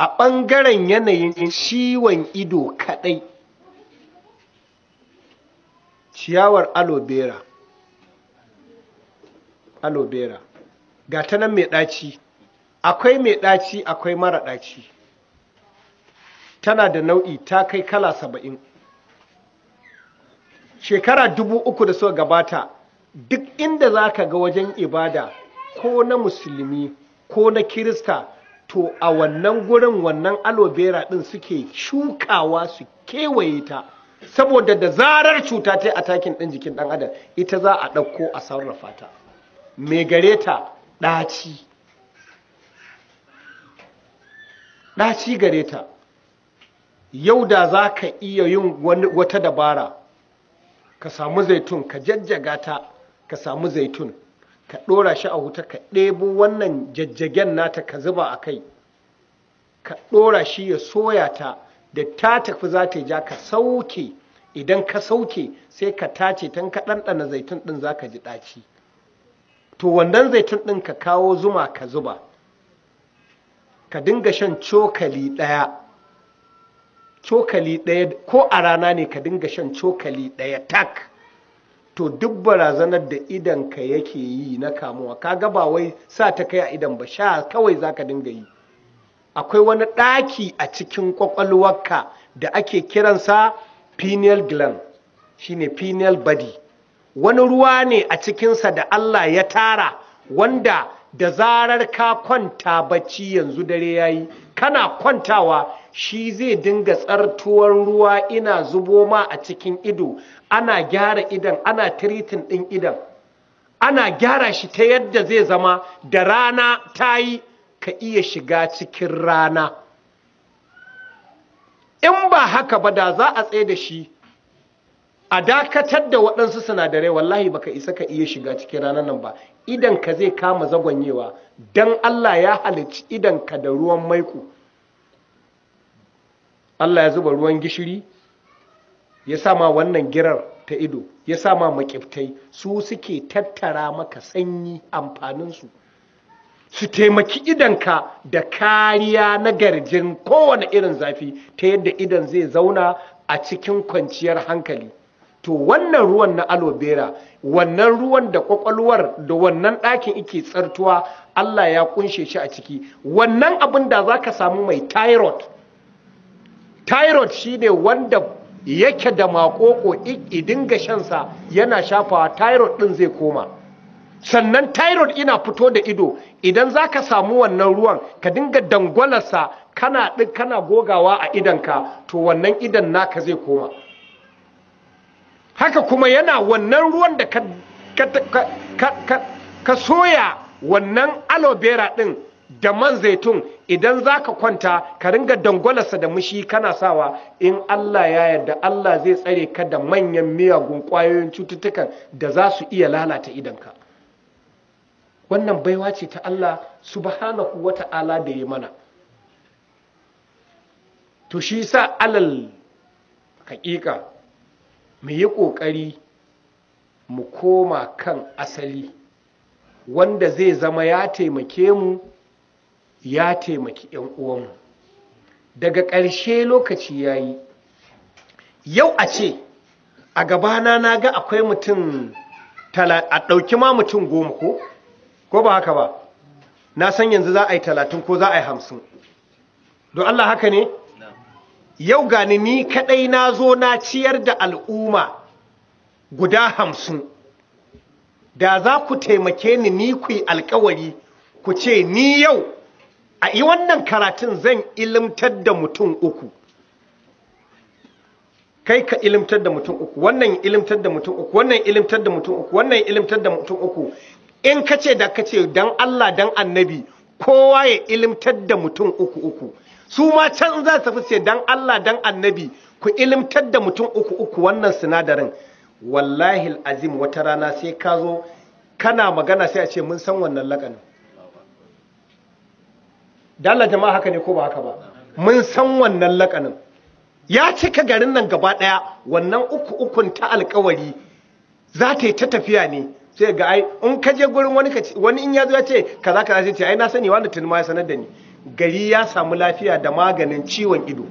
a ɓangaren yanayin ciwon ido kaɗai ciyawar aloe vera ga ta nan mai ɗaci akwai mai ɗaci akwai mara ɗaci tana da nau'i ta kai kala saba'in shekara dubu uku da suka gabata duk inda za ka ga wajen ibada ko na musulmi ko na kirista to a wannan gurin wannan aloe vera ɗin suke shukawa su kewaye ta saboda da zarar cuta ta a takin ɗin jikin ɗan adam ita za a ɗauko a sarrafa ta mai gare ta ɗaci ɗaci gare ta yau da za ka iya yin wata dabara ka samu zaitun ka jajjaga ta ka samu zaitun ka ɗora shi a wuta ka ɗebo wannan jajjagen nata ka zuba a kai ka ɗora shi ya soya ta da ta tafi za ta ja ka sauke idan ka sauke sai ka tace tan ka ɗanɗana zaitun ɗin za ka ji ɗaci to wannan zaitun ɗin ka kawo zuma ka zuba ka dinga shan cokali ɗaya cokali ɗaya ko a rana ne ka dinga shan cokali ɗaya tak to duk barazanar da idan yake yi na kamuwa ka gaba wai sa ta kai a idan ba sha kawai za ka dinga yi akwai wani ɗaki a cikin kwakwalwarka da ake kiransa pineal gland shine pineal body wani ruwa ne a cikinsa da Allah ya tara wanda da zarar ka kwanta bacci yanzu dare yayi kana kwantawa shi zai dinga tsartuwar ruwa ina zubo ma a cikin ido ana gyara idan ana tiritin ɗin idan ana gyara shi ta yadda zai zama da rana ta yi ka iya shiga cikin rana in ba haka ba da za a tsaye da shi a dakatar da waɗansu sinadarai wallahi baka isa ka iya shiga cikin ranar nan ba idan ka zai kama zagonyewa, don Allah ya halicci idan ka da ruwan maiku Allah ya zuba ruwan gishiri ya sama wannan girar ta ido ya sama makiftai su suke tattara maka sanyi amfaninsu su taimaki idanka da kariya na garjin kowane irin zafi ta yadda idan zai zauna a cikin kwanciyar hankali to wannan ruwan na aloe vera wannan ruwan da kwakwalwar da wannan ɗakin ike tsartuwa Allah ya kunshe shi a ciki wannan abin da za ka samu mai thyroid shi shine wanda yake da makoko idin shansa yana shafawa thyroid ɗin zai koma sannan thyroid ina fito da ido idan za ka samu wannan ruwan ka dinga dangwalarsa kana gogawa a idanka to wannan idan naka zai koma haka kuma yana wannan ruwan da ka, soya wannan aloe vera ɗin da man zaitun idan za ka kwanta ka ringa dangwalarsa da mushi kana sawa in Allah ya yarda Allah zai tsare ka da manyan miyagun kwayoyin cututtukan da za su iya lalata idanka wannan baiwa ce ta Allah subhanahu wa ta'ala da ya mana to shi sa alal haƙiƙa. mu yi ƙoƙari mu koma kan asali wanda zai zama ya taimake mu ya taimaki 'yan uwanmu daga ƙarshe lokaci ya yi yau a ce a gabana na ga akwai mutum a ɗauki ma mutum goma ko ko ba haka ba na san yanzu za a yi talatin ko za a yi hamsin don allah haka ne yau gani ni kadai na zo na ciyar da al'umma guda hamsin da za ku taimake ni ni ku yi alkawari ku ce ni yau a yi wannan karatun zan ilimtar da mutum uku kai ka ilimtar da mutum uku wannan ilimtar da mutum uku wannan ilimtar da mutum uku wannan ilimtar da mutum uku in ka ce da ka ce don Allah don annabi kowa ya ilimtar da mutum uku uku su ma can za su tafi don Allah don annabi ku ilimtar da mutum uku uku wannan sinadarin wallahi azim wata rana sai ka zo kana magana sai a ce mun san wannan lakanin dalla jama'a haka ne ko ba haka ba mun san wannan lakanin ya cika garin nan gaba daya wannan uku ukun ta alkawari za ta yi ta tafiya ne sai ga ai in ka je gurin wani in ya zo ya ce kaza kaza sai ce ai na sani wani tun ma ya sanar da ni gari ya samu lafiya da maganin ciwon ido